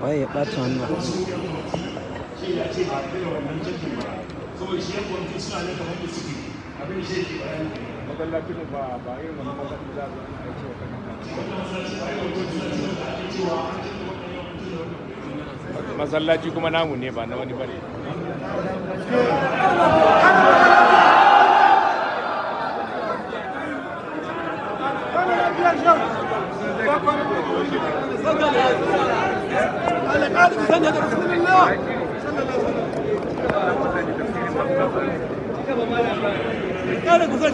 我也不穿了。saboda shi ya kwanci suna da kamar da s u masallacin ba ba irin wannan masallacin da za a yi cewa kan masallaci kuma namu ne ba na wani bane Thank you. Cara, gostei.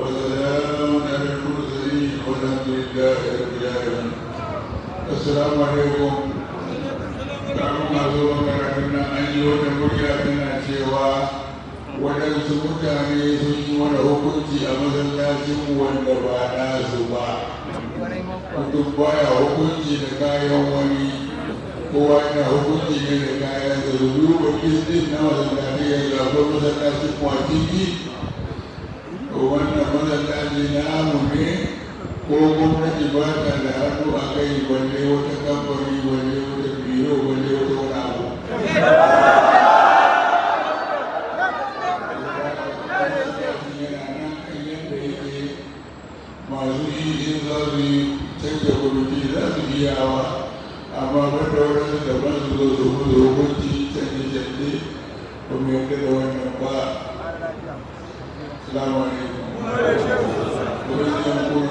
وسلام على المرسلين والحمد murya cewa waɗansu mutane sun yi hukunci a masallacin wanda ba mutum baya hukunci da kayan wani kowa yana hukunci ne da kayan ya wannan wannan daji na amurri ko gwamnati ba ta da hannu a kai balle wata kamfani balle wata biyo balle wata wani abu masu yi in za su yi canja kwamiti za su iyawa amma banda waɗansu daban su zo su hudu hukunci canje canje ba mu yarda da wannan ba salamu alaikum Thank you.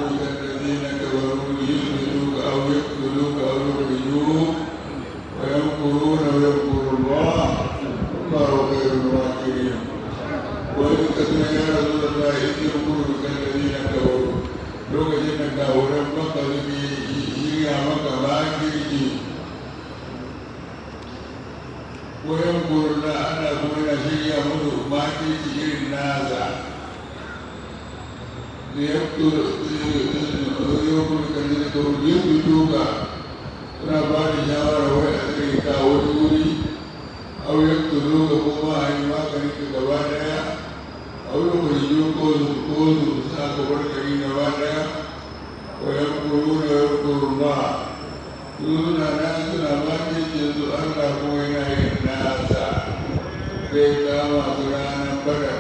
Señor Todopoderoso, que está a cobrar que hay una barra, por la cultura de Urma. Tú darás una parte de tu alma buena y nada. Te damos a tu gran amparo.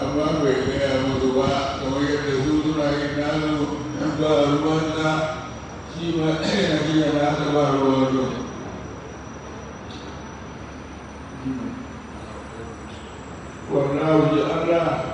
Amarme, te amo tu va. Hoy el de Jesús, una y nada, en toda la vuelta, si va a ser aquí a la alta para lo otro. Por la ujala,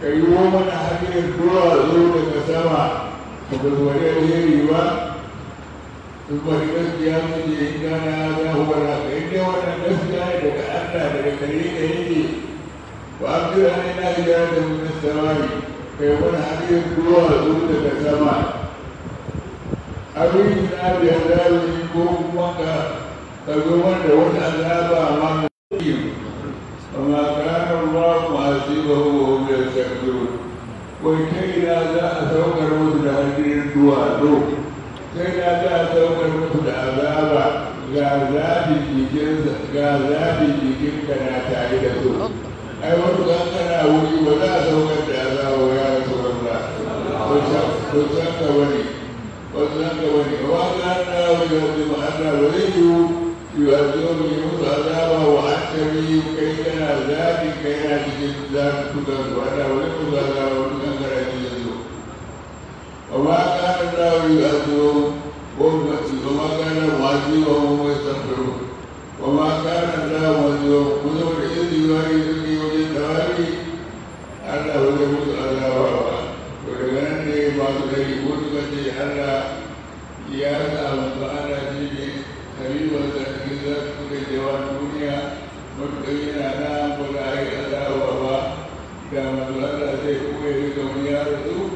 ka yi mana hanyar duwatsu daga sama ba ku zuwa alheri ba in bari gaskiya su ce in gana za ku bara ka yi dai wannan gaskiya ne daga Allah daga kare ka yake ba a fi ne na gida da wani samari ka yi mana hanyar duwatsu daga sama abin na da ya ko kuma ka zo wanda wata azaba mana wai kai na za a saukar musu da hannun duwatsu kai na za a saukar musu da azaba ga zabin jikinsa ga zabin jikinka na tare da su ai wani kankana wuri ba za a saukar da azaba ya rasu wanda ko san ka wani ko san ka wani wa ga na wani kai cikin kawai da ajiyo gwamnati zama ganin wajiyo mai tafiyo kuma ganin da wajiyo kuma da iri wani zuri wani tawari an da wani mutu a zawa ba wani ganin da ya ba su gari wani kace an da ya zama ba an da shi ne kari wata gizar kuka jewa duniya wani kari na nan wani a yi a zawa ba da mazu an da zai kuka yi kamar yaro duk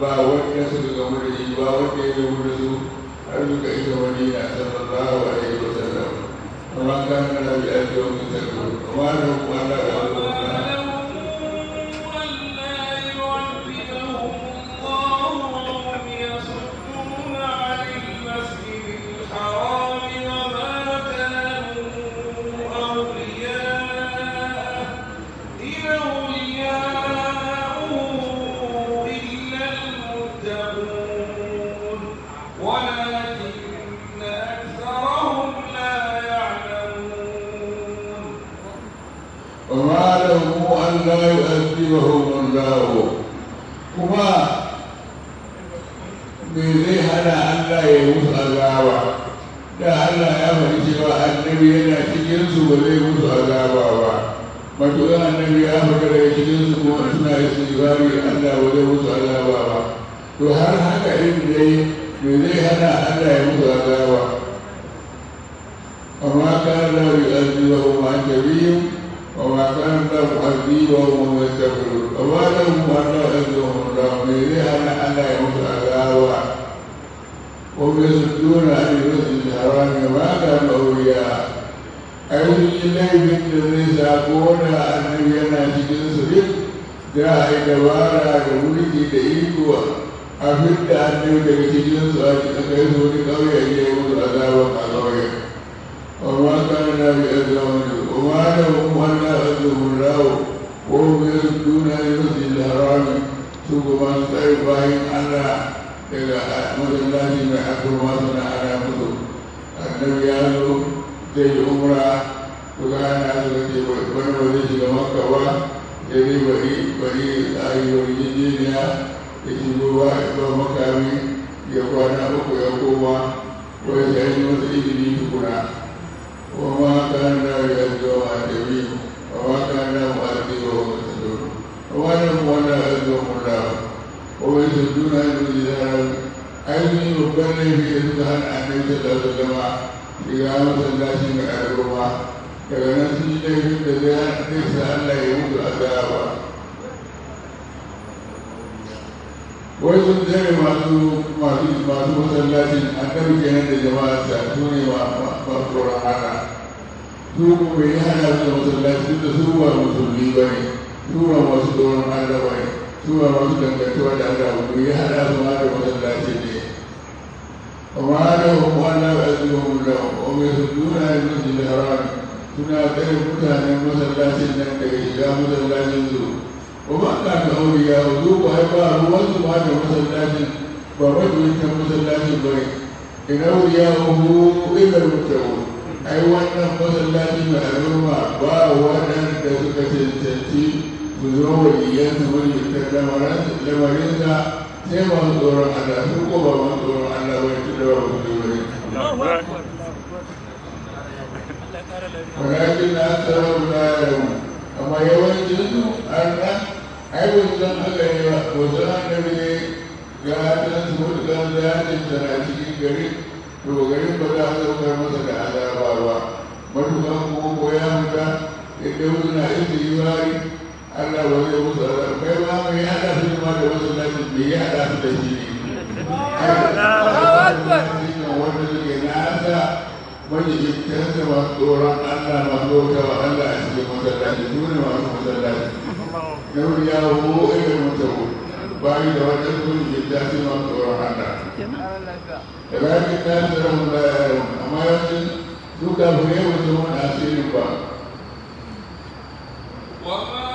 ba wanda ya gamu da shi ba wanda ya gamu da ya maka da ya cikin su kuma suna yi su ibari Allah wajen mutu azaba to har haka in da yi Allah ya mutu azaba amma ka da bi azabi wa kuma an jabi yi wa ku azabi wa kuma mai tafiyo amma da mu ba da azabi wa me zai hana Allah ya mutu azaba ko bai su tura a yi rasu da hawa ne ai laifin da zai sako da annabi yana cikin su da a yi dabara da wuri da ikuwa a fidda annabi daga cikin su a cikin kai su wani ƙauye ne musu azaban a ƙauye amma kan na bi da ne kuma da wannan azaban rawo ko biyar duna yusuf da harami su kuma su tsaye bayan allah daga masallaci mai akwai masu na ana musu annabi ya zo zai yi umra kuka ana zuwa wani ba zai shiga makka ba ya zai bari bari a yi yarjejeniya ya shigo ba ba makami ya kwana uku ya koma ko ya sai yi masa izini tukuna kuma kan da ya zuwa a tabi kuma kan da ba a tabi wa wasu dole kuma da kuma da ya zuwa murna kuma ya zuwa na yi zuwa ainihin babban laifi da suka hana annabi sallallahu ta wasallam ya masallacin ga arewa daga nan sun yi laifin da zai sa Allah ya mutu a ba wai sun tare masu masu masu masallacin an tabi kenan da jama'a sa su ne masu rahana su kuma yi hana su da masallaci da su ba musulmi ba ne su ba masu doron Allah ba ne su ba masu dangantuwa da Allah ba ne ya hana su ma da masallaci ne وما لهم ولا أجرهم لهم ويصدون عن المسجد الحرام suna kai mutanen masallacin nan da ya shiga masallacin su kuma ana ka auriya su ba ya ba ruwan su ba da masallacin ba majalisar masallacin ba ne ina wuriya hu ina rutawo ai wannan masallacin mai al'umma ba waɗanda suka cancanci su zo waliyan su wani lamarin taimakon tsoron Allah su ko ba man tsoron Allah wai su da ba su da wani. Walakin na tsarar da yau, e, amma yawancin su an na aiwancin haka ne ba, wasu annabi ne ga hatan su mutukan zafin sana cikin gari, to garin ba za a saukar masa da azaba ba. Matukan kuma ko ya mutu, ya ɗau suna isi yi Allah ba zai musu azaba kai ba mu ya hada su ma da wasu nasu me ya da su da shi ne wanda suke nasa wanda ke canza masu tsoron Allah masu bautawa Allah a cikin masallaci su ne masu masallaci na wuri ya wo irin mutabo bayan da wajen sun ke tafi masu tsoron Allah da bayan ta tsara mun da yaron amma yau su kafin yawan su wani asirin ba. Wama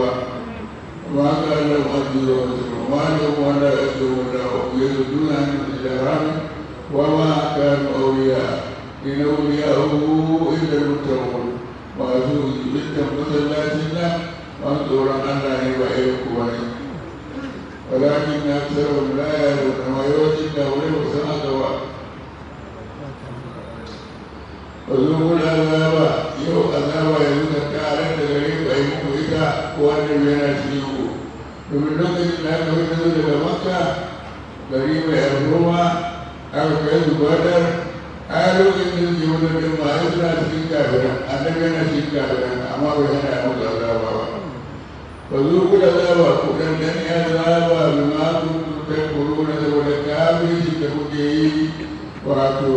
kuwa maka da wajiro da tsammanin wanda ya ce wanda ya zo duniya ne da jaran wa ma ka ma'auriya ina wuya hu inda mutane masu jibinta masallaci na an tsoron an na yi ba iya kuwa ne walakin na tsarar laya da kuma yawanci da wani musamman da ba zo wuri azaba yau azaba yanzu da ka da gare Wani annabi yana cikin ku domin lokacin da aka fito daga makka gari mai al'umma aka kai su badar a lokacin da ke wani ɗin ba a suna cikin kafiran annabi yana cikin kafiran amma ba yana mutu azaba ba ba zo ku da azaba ku dan dan ya azaba bi ma kuntum taquluna saboda kafirci da kuke yi wato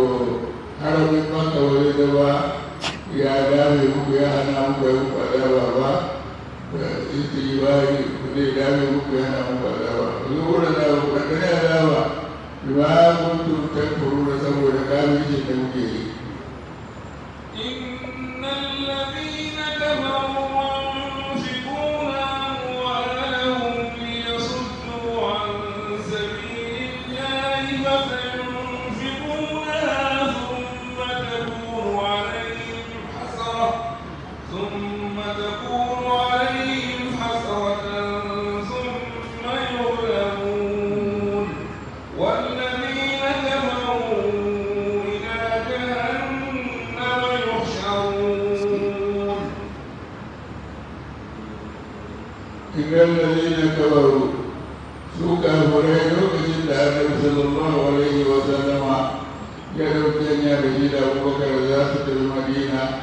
haramin makka wajen da ba ya dame muku ya hana muku ya muku azaba ba istighfari ku zai dame muku yana muku azaba zuwa da ku kankare saboda kafircin da muke yi إن الذين كفروا إلا الذين كفروا سوق فريد وجد النبي صلى الله عليه وسلم يدعو الدنيا بجد أبو بكر ذات المدينة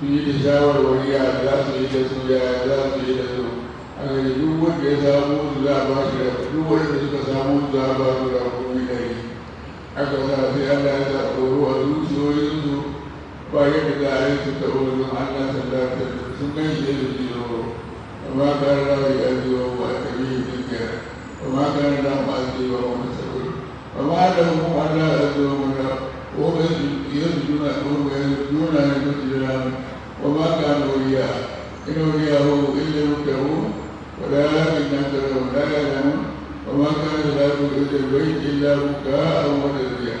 في تشاور وليا ذات يدسو يا ذات يدسو أغلي دوت يسامو لا باشر دوت يسامو لا باشر أبو بكر أكذا في ألا تأخذوا أدوسوا يدسو ba yadda za a yi su taɓa wajen Allah sallallahu alaihi wasallam sun gaishe da jiro وما كان الله يهدي وهو يهدي ذكر وما كان الله معدي وهو مستقر وما لهم الا يهديهم الله وهم يسجدون وهم يسجدون لمسجد وما كانوا اياه ان اولياءه الا المتقون ولكن اكثرهم لا يعلمون وما كان ذلك الا البيت الا بكاء وتذكير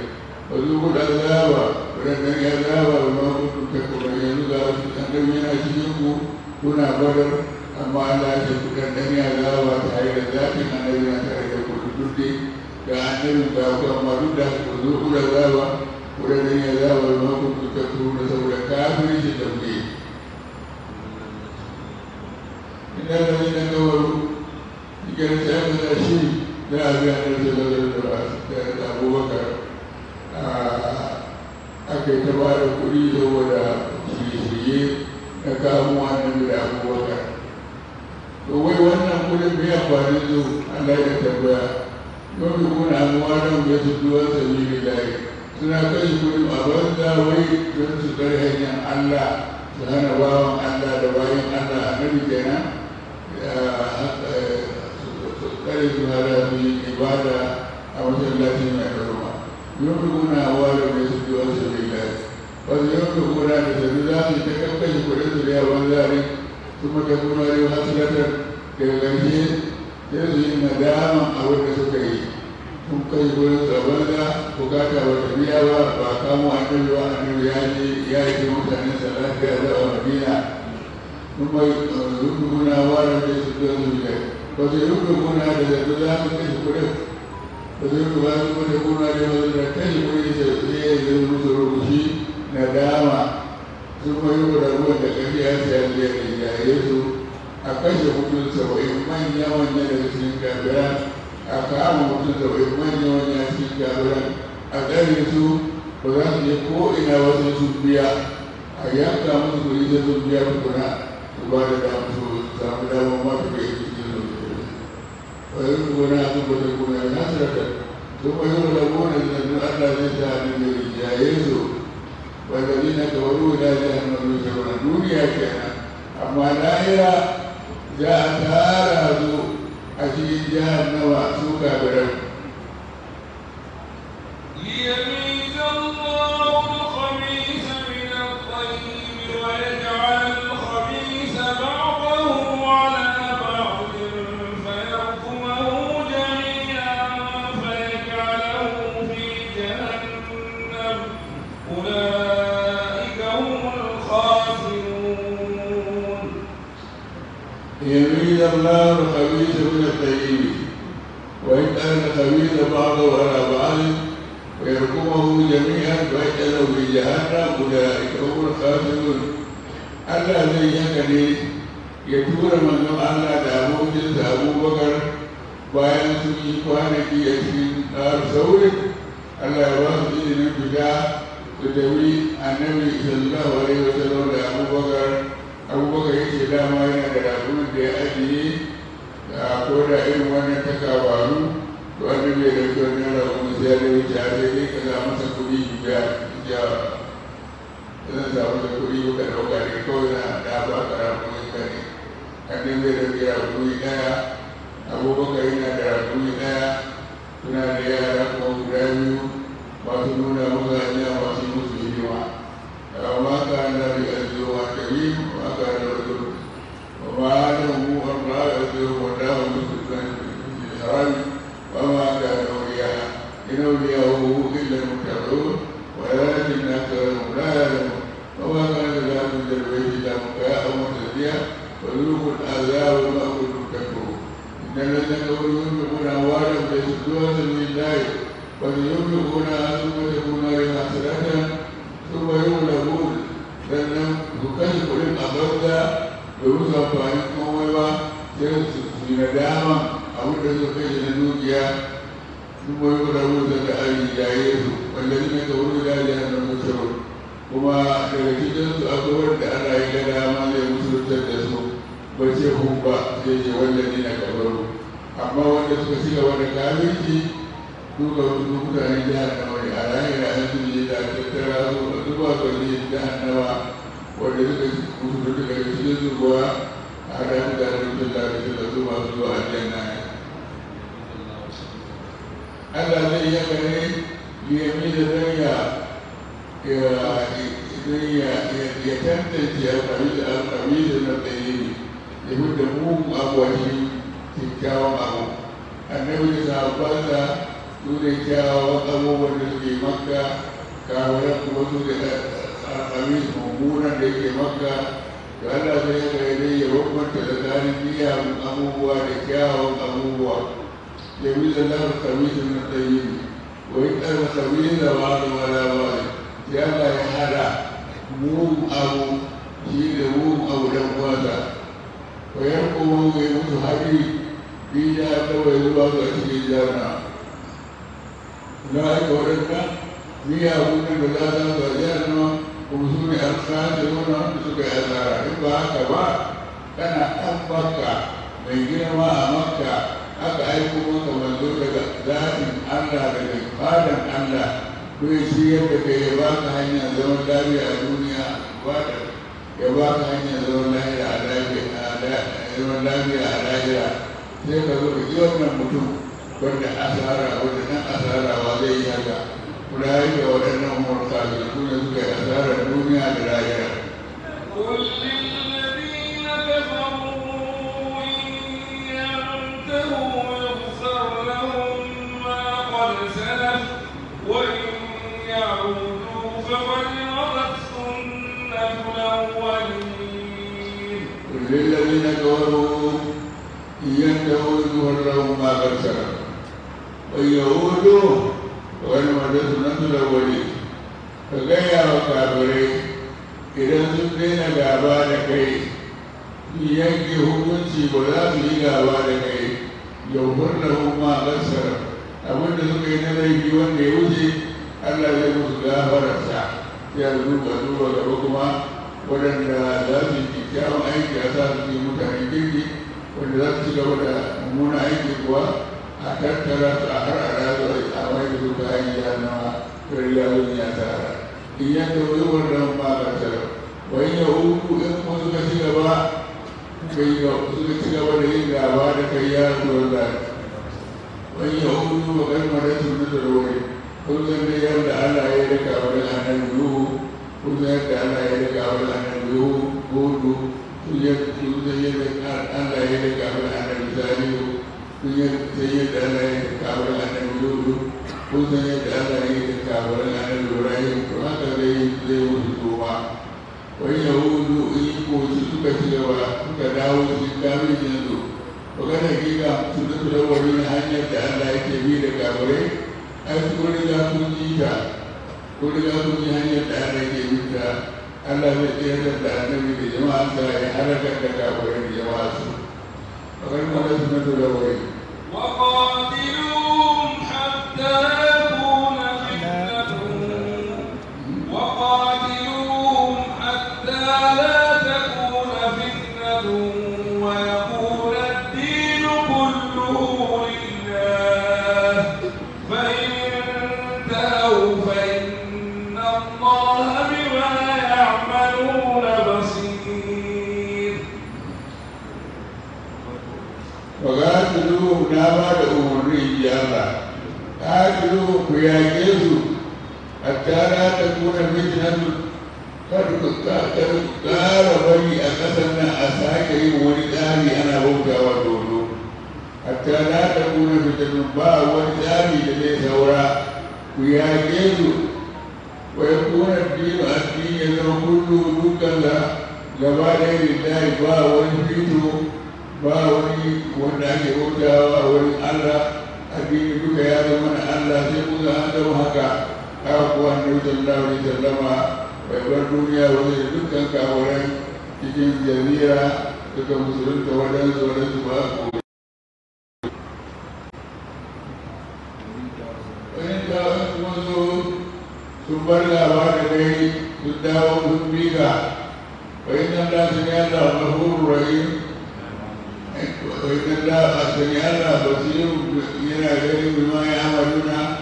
وذوقوا العذاب ولكن عذاب وما كنتم تكفرون يزال عن جميع اشياءكم كنا بدر amma Allah ce ku ɗanɗani azaba tare da zafin annabi na tare da ku duk dai da annabin da ku amma duk da ku zo ku da azaba ku ɗanɗani azaba da ku ku ta turu saboda kafirci da ku yi. Inna lalina kawaru, ikar sai da shi da abin annabi sallallahu alaihi da ta abubakar a kai ta ba da kuɗi saboda shirye-shirye na kamuwa na da abubakar. to wai wannan kudin mai amfani zo Allah ya amuwa don ya su duwa sabili layi suna kai kudin a banza wai don su kare hanyar Allah su hana bawan Allah da bayan Allah a nabi kenan eh, eh, kare su hada su yi ibada a mai da kuna amuwa don ya su duwa sabili layi wasu yau da kuna da sabi za su ta kakkashi kudin su da yawan ثم تكون له حسرة كالذي يزي الندام أو الكسكي kun kai wurin zaban da bukata ba ta ba ba kamo a kan ruwa a nan ya ya yi mutane salafiya da a madina kun bai eh, rukuna wa da su da su ba su yi rukuna da zaɓi za su kai su kudin ba su yi rukuna su kudin da wasu da kai su da su yi musu rubuci na kuma yi rabuwar da ƙarfiya siyar da ya yaye a kashe mutum saba'in manya manya daga cikin kabira a kama mutum saba'in manya manya cikin kabira a ƙarfe su ba za su je ko ina wasu sun biya a yanka musu kuɗi ta sun biya tukuna su ba da damar su samu damar ma su kai cikin lokacin wani gona su kuɗi gona na sarkar su kuma yi rabuwar da zai sa abin da ya yaye su والذين تولوا إلى جهنم يجزون الدنيا شيئا أما الآخرة جاءتها لهدو أتي جهنم سوكا برد ليميز الله يميل الله خبيث من الطيب وان كان خبيث بعضه على بعض ويركمهم جميعا فاجتنوا في جهنم اولئك هم الخاسرون الا زيك لي يكون من نوع على داوود ابو بكر وان في اخوانك يسجد نار ثورك الا يوافقني من بدا وتوي النبي صلى الله عليه وسلم لابو بكر abubakar ya ce dama yana da ragunan da ya ajiye da ko da irin wannan ta kawaru da wanda bai dauki da ragunan sai ya da wuce har sai dai ka za masa kuɗi biya ya zan samu da kuɗi ka ɗauka ne kawai na da ba ka ragunan ka ne kan nan bai dauki ragunan ɗaya yi yana da ragunan ɗaya suna da yara kuma guda biyu masu nuna maka hanya masu musu hidima وما كان لأجل كريم وما كان رجل وما عالمه أن لا يزيغ وداه بسلطان الحرام وما كان أولياءه إلا المتقون ولكن أكثرهم لا يعلمون وما كان لله من البيت إلا مكاء وتسلية وذوقوا العذاب وما كنتم تكفرون إن الذين كفروا ينفقون أموالهم ليصدوا الله بل ينفقون تكون لهم حسنة ثم يغلبون sannan ku kashe kudin a banza domin su amfani komai ba sai su yi dama abin da suka kashe na dukiya ثم يغلبون da أهل جاهله والذين كفروا لا جهنم مسرور kuma daga cikin su abubuwan da ana yi da dama zai musuluntar da su ba ce hun ba zai ce wanda ne na kabaru amma wanda suka ci gaba da kafirci သူ့ကိုသူ့ကရည်ရတော့အရိုင်းရိုင်းသူရည်တာတက်တာလို့သူ့ဘာကိုရည်တာနော်ဝိဒိကကုသတကရည်ရသူ့ဘာအာရမ်တာရည်တာရည်တာသူ့ဘာသူ့အကြံနိုင်အလ္လာဟ်ရဲ့ကလေးဒီအမိတဲ့ရအဲဒီရဒီတန်တဲ့ဒီအမိအမိတဲ့တဲ့ဒီဘုဒ္ဓဘုံအဘဝကြီးဒီကြောင်းအောင်အနုဝိဇ္ဇာပါဒ tunaitawa wasu abubuwan da suke makka kawarar kuma su da abin mummunan da yake makka da allah zai haka ya zai ya bambanta da tsarin miyagun abubuwa da kyawun abubuwa ya bi da zafin kamisin na tsayi ne wai karfa sabbin da ba su wala ba ya ba ya hada mugun abu shi da mugun abu don kwasa wayar kuma ya mutu hari bi ya kawai zuwa ga cikin jami'a أولئك وإلا فيها وجود بلادا وجنة ومسلم الخاسرون أنفسك أثرا إن هكذا كان أبكى من جنوى مكة aka aiko maka manzo daga zaɓin Allah daga fadan Allah don shi yadda ka ya ba ka hanyar zaman lafiya a duniya ya ba ka hanyar zaman lafiya a lafiya a sai ka zo ka ji mutum wanda asara wanda na asara wa zai yi haka kulayi da waɗannan umarta da kuma suka yi asarar duniya da rayuwa للذين كفروا ينتهوا ظهرهم ما قد سلف yahudu wani wanda suna da wani ka gaya wa kabare idan sun daina gaba da kai yanke hukunci ba za su yi gaba da kai murna hukuma a ƙasar abinda suka yi na laifi wanda ya wuce allah zai musu gafararsa ya duba duba gaba kuma waɗanda za su yi kyawun aiki a sa su yi mutane kirki wanda za su ci gaba da mummuna aiki kuwa a tattara ta har a dawo a mai da bayan ya nawa kariyawun ya tara in ya ɗauki wannan magatar wani ya uku in kuma suka ci gaba kai ga suka ci gaba da yin gaba da kai ya zuwa da wani ya uku ba kalmar rashin nutarwai kullum da yadda Allah ya rika wani hannun ruhu kullum yadda Allah ya rika wani hannun ruhu hudu kullum yadda Allah ya rika wani hannun zalihu kun yi ta yi da ala yi da kawar lanar lulu yi da in ko su su da allah wani ta zai tsayar da annabi da jama'a sa ya harakar da kafirai da jama'a su magana da da وقاتلوهم حتى na ba da umarni ijaba ta zo ku yaƙe su a tara ta kuna na kada ta ƙara bari a ƙasar nan a sake yin wani tsari ana bautawa dodo A tara ta kuna fitatun ba wani tsari da zai saura ku yaƙe su wai kuna biyu a cikin yanzu kullum dukkan gaba ɗaya da yin ba wani fito ba wani wanda ake bautawa a wurin Allah addini duka ya zama na Allah sai mu ga an zama haka haka kuwa annabi sallallahu alaihi wasallama bai bar duniya wajen dukkan kawaran cikin jami'a duka musulunta wadansu wadansu ba su sun bar labarin kai sun dawo sun miƙa. wa inna Allah sun yi Allah ghafurur rahim wajen da a sanya Allah ba su yana gani bi ma ya hamaduna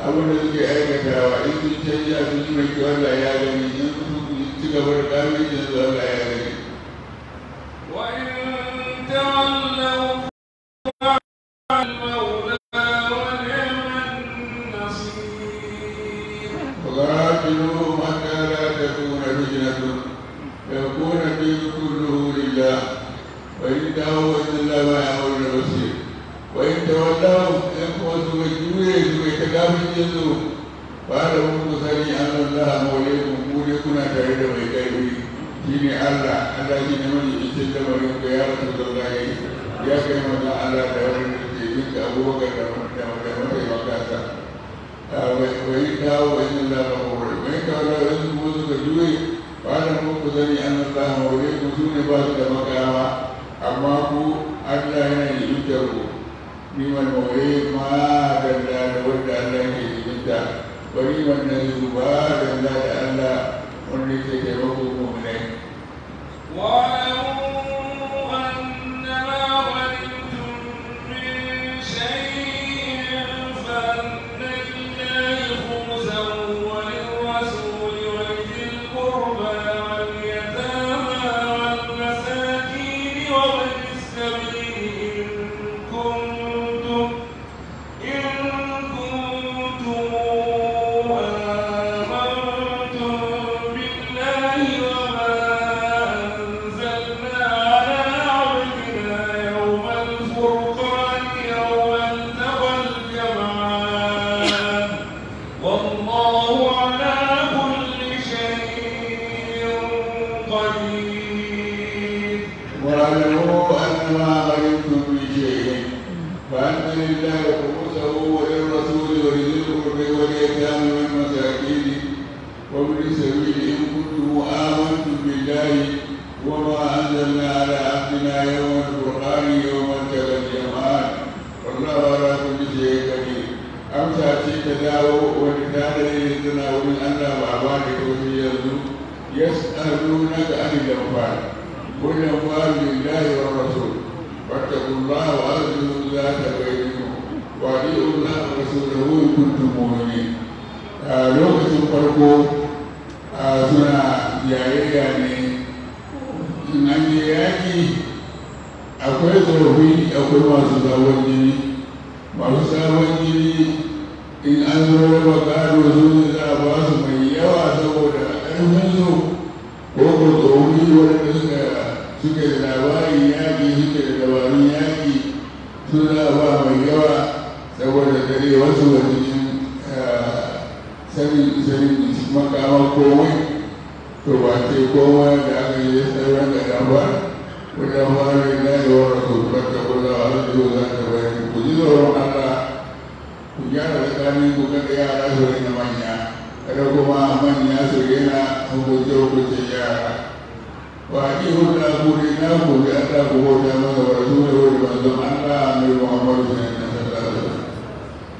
abin da suke aikatawa in sun canja su ji mai kyau Allah ya gani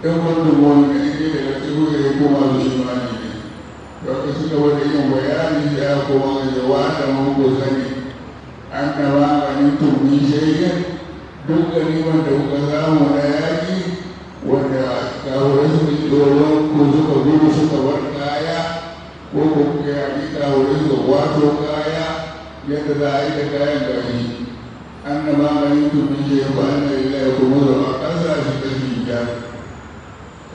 ɗan wannan wani gani ne daga cikin da ya koma da shi ma ne ne da ka da wani yin bayani da ya koma da jawa da mako sani an taɓa ganin turmi shaidin duk gani wanda kuka samu na yaƙi wanda kawo su ji tsoron ko suka gudu suka bar kaya ko ko kuka yaƙi kawo su wato kaya yadda za a yi da kayan gari an taɓa ganin turmi shaidin ba na ila ya kuma zama ƙasa shi ta shi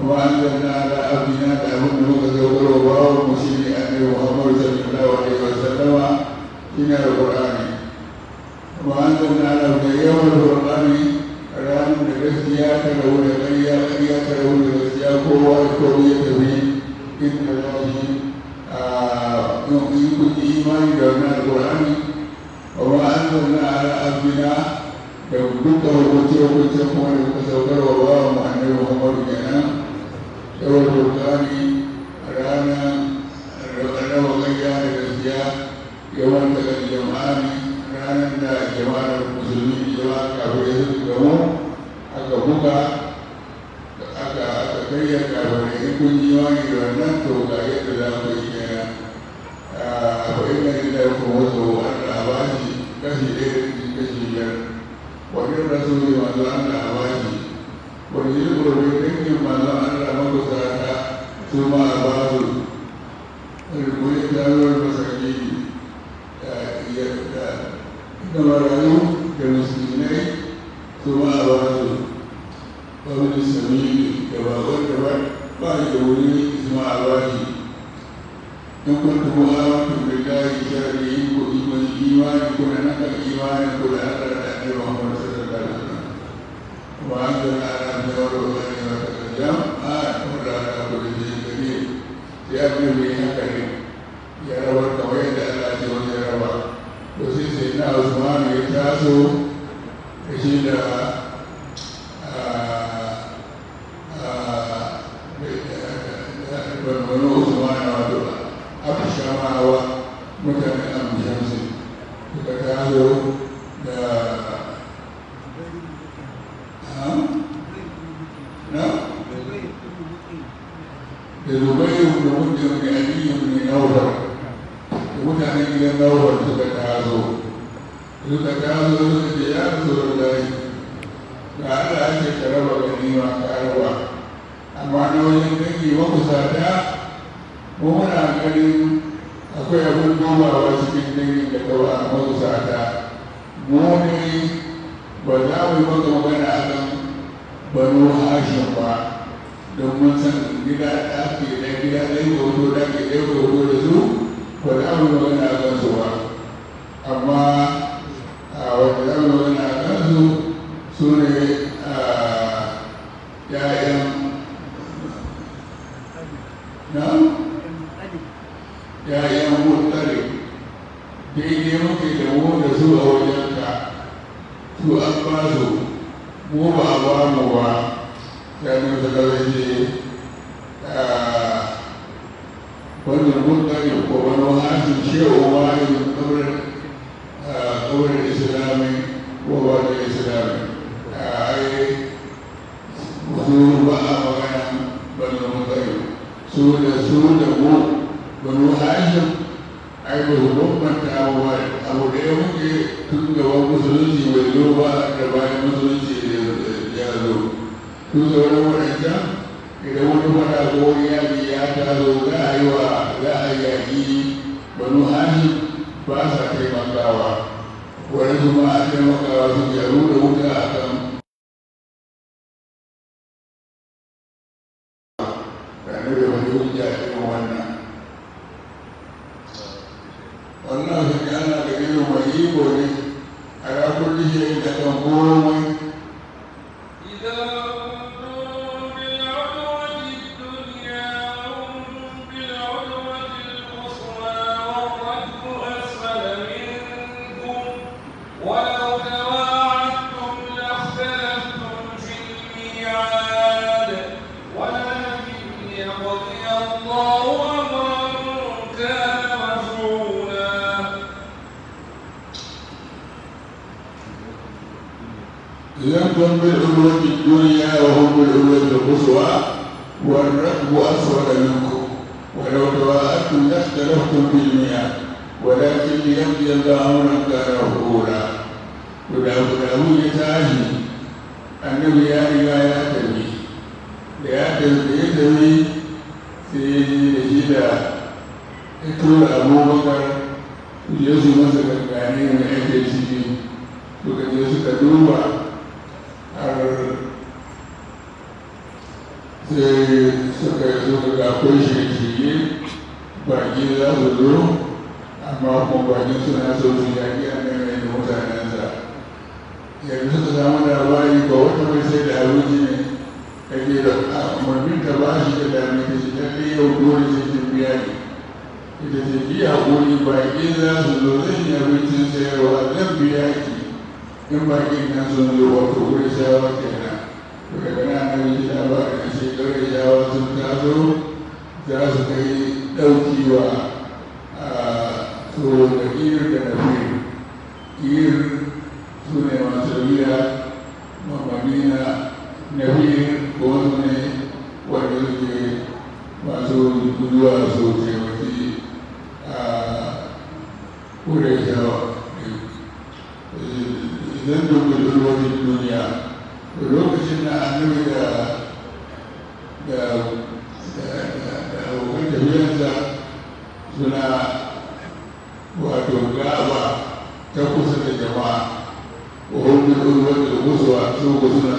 وأنزلنا على أبينا داود متزوجا وبار مسلم أمير محمد صلى الله عليه وسلم من القرآن وأنزلنا على أبينا toga da aka aka kayyata wani in kun ji wani wannan toga yadda za ku yi kenan a bayyana gida ku wato wanda ba shi kashi ɗaya cikin kashi biyar wajen rasuli wanda an da ba shi wajen gobe dangin manzon an da makusata su ma a ba su rikunin taruwar masakini da da da marayu ouvir uma loja. Então, quando eu vou lá, ba za mu yi maka magana a kan banu hashin ba don mun san gida ɗaki na gida ɗaya hoto ɗaki ko hoto da su ba za mu yi magana a kan su ba amma يمكن بالعروة الدنيا وهم بالعروة القصوى والركب أسود منكم ولو تواءتم لاختلفتم في المياه ولكن ليقضي الله امرا كان مفعولا guda guda ya tashi annabi ya riga ya tafi da ya tafi ya tafi sai ya ji da shi da ya tura abubakar ya su masa gangane mai ake ciki suka je suka duba Hands on the world to don dubu durbobin duniya lokacin da annabi da da da abokan tafiyarsa suna wato gaba ta kusa da jama'a wa hudu durbobin kusurwa su kusa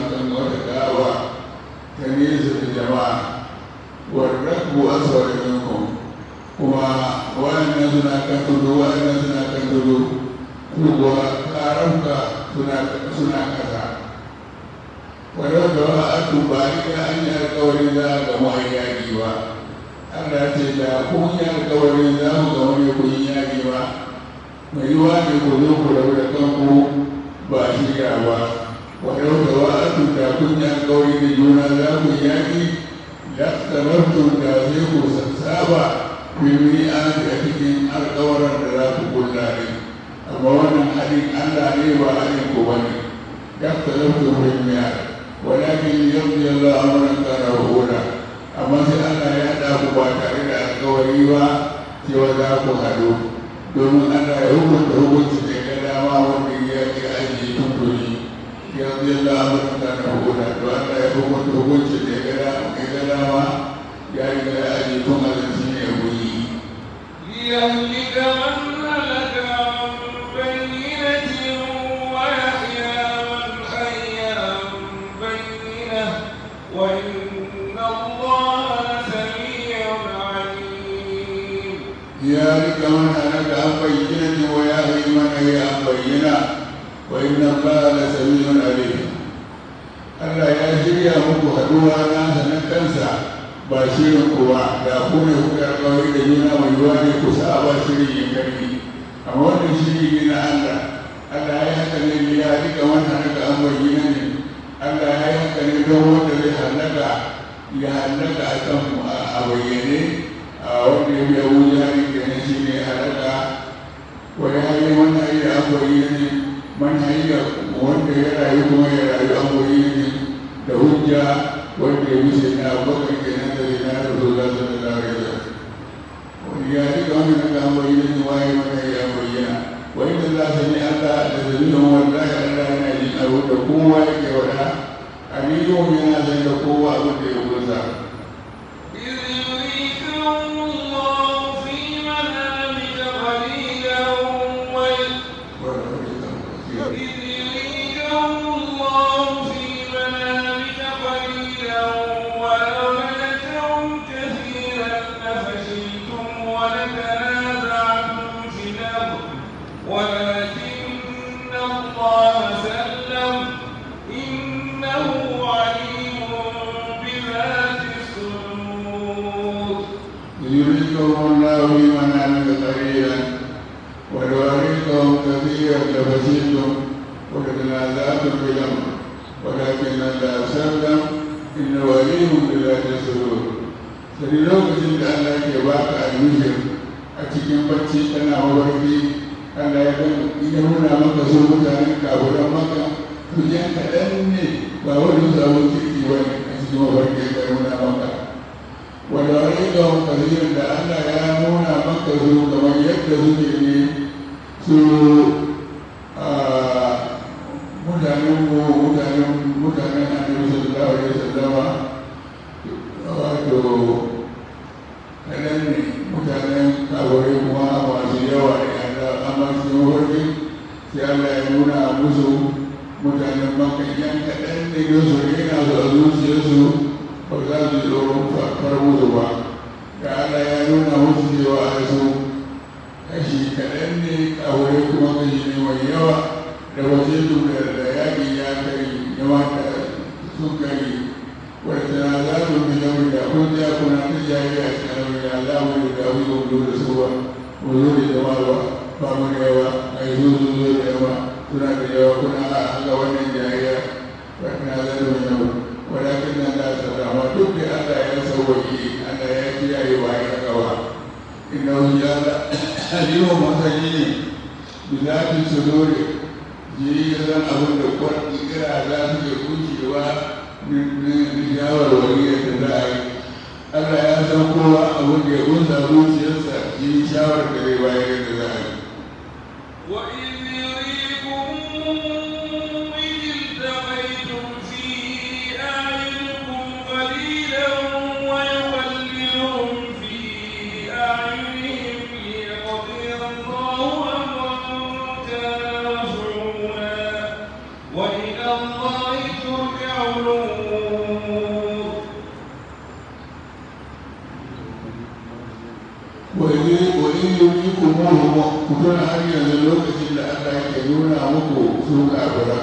الله لسميع عليم Allah ya shirya muku haduwa na sanin kansa ba shirin kuwa da ku ne kuka kawai da juna mai ruwa ne ku sa ba shirin ya karfi amma wannan shiri ne na Allah Allah ya haka ne ne ya duka wannan haka an bai ne Allah ya haka ne don wanda zai hallaka ya hallaka a kan a bayyane a wanda ya biya wuya ne kenan shi ne hallaka wani hali wannan ya an ne. manhajiya wanda ya rayu kuma ya rayu an goyi ne da hujja wanda ya wuce na abubakar ke nan da na da zo za su da lare wani ya duka wani na an goyi ne waye wanda ya bayyana wani da za su ne allah da zamiyan wanda ya allah yana jin abu da kowa ya ke wada a ni yau yana zai da kowa abin da ya wuce. إذ يريكهم الله قومي ومنعنك قليلا ولو أرثتهم كثيرا لفسدتم ولكن أذاكم بالأمر ولكن الله سلم إن وليهم لله يسرون Jadi lo kecil dan lagi awak ada mizir, acik yang pecik dan awak lagi, dan lagi pun ini pun nama kesuruh jangan kau ramah kan, tujuan kalian ni bawa dua tahun tiga tahun, acik mau pergi dan pun nama kau. wanda ra'aytahum kathiran da Allah ya nuna maka zo kamar yadda suke ne su mutanen mu mutanen mutanen annabi sallallahu alaihi wasallama wato kadan mutanen kabarai kuma masu yawa ne amma su wani sai Allah ya nuna musu mutanen makakken kaɗan ne da su rena su a zuciyarsu lugar,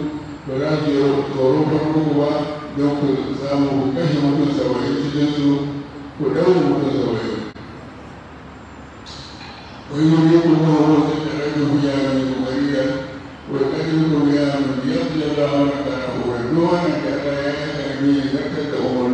to za su yi tsoro farko ba don ku samu ku kashe mutum saba'in cikin su ku ɗaure mutum saba'in wani wani ku kuma wasu ƙarfi ku ya mai kokariya wani ƙarfi ku ya mai biyar da ba wani ƙarfi wani ruwa na ƙarfi ya yi ƙarfi ya zartar da umarni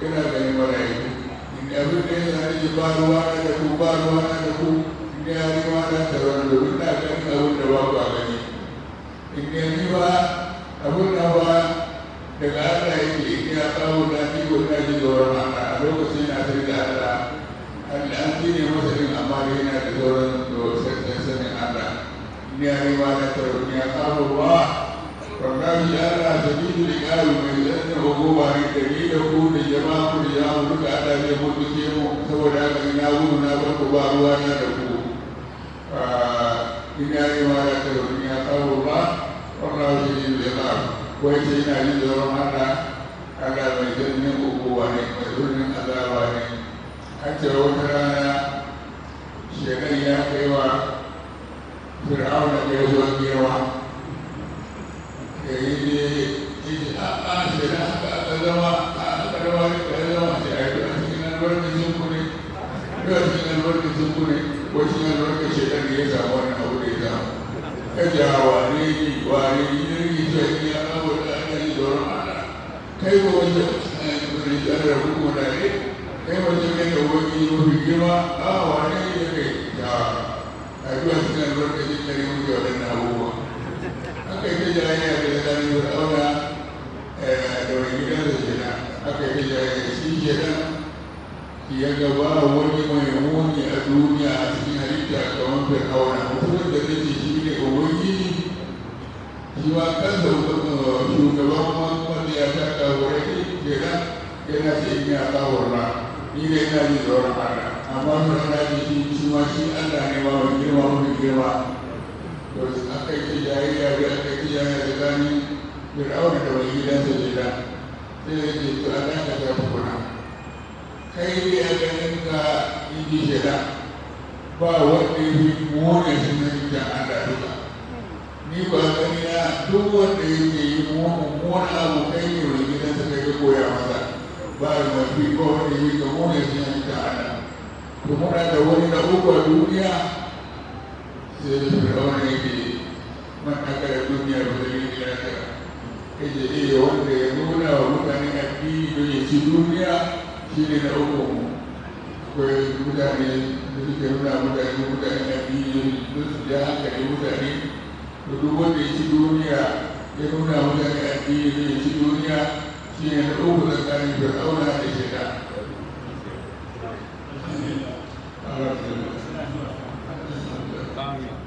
kena kali mana. ini hari kena hari baru ada aku baru ada aku ini hari mana terang tu kita akan tahu jawab apa ni ini hari apa aku tahu dengar ini ini apa udah tiga kali dua mata aku kesini nanti ada ada nanti ni masih ada amari ni ada dua dua sesi sesi ada ini hari mana terang ini apa udah kwangami yara ta bidu da gari mai lalata hoko ba ne ta ne da ku da jama'a ku da jama'a duka ada ne ko ta ke mu saboda haka ina gudu na farko ba ruwa na da ku ina yi ma da ta yi ya tsawo ba kwanga wa shi ne da ba ko ya ce ina yi da wani mata ada mai jirgin hoko ba ne mai jirgin azaba ne an ce wata rana shekai ya kai wa fir'auna ya zuwa kewa ka yi ne iji a a shira haka aka zama a aka zama ka yi zama shi a yi da yi kai ne ne aka yi ta jayayya da ya zama da auna eh, da wani gidan da ke aka yi ta ya shi ke nan ya gaba wani mai muni a duniya a cikin halitta kamar fir'auna mutumin da nake shi ne ubangiji shi ma kansa eh, shugaban wanda ya ta kawarai ke nan yana ce ina kawarra ni ne ina ji tsoron Allah amma shi na ji shi ma shi Allah ne ma mai girma mai girma to aka yi tijariya da aka yi tijariya tsakanin fir'auna da wani gidansa jira sai ya ce to a ɗan ka tafi kuna kai ne a ka in ji ba wanda ya fi mone su ni ba gani na duk wanda ya ke yi mona abu kai wani gidansa koya masa ba a mafi ba wanda ya fi ka mone su na jikin Allah to da wani na a duniya sai da fir'auna yake man akara duniya ba zai yi wanda ya nuna wa mutane addini don ya ci duniya shi ne na uku akwai mutane da suke nuna mutane mutane su ja mutane da duk wanda ya ci duniya ya nuna mutane ya ci duniya shi ne na uku da Thank you.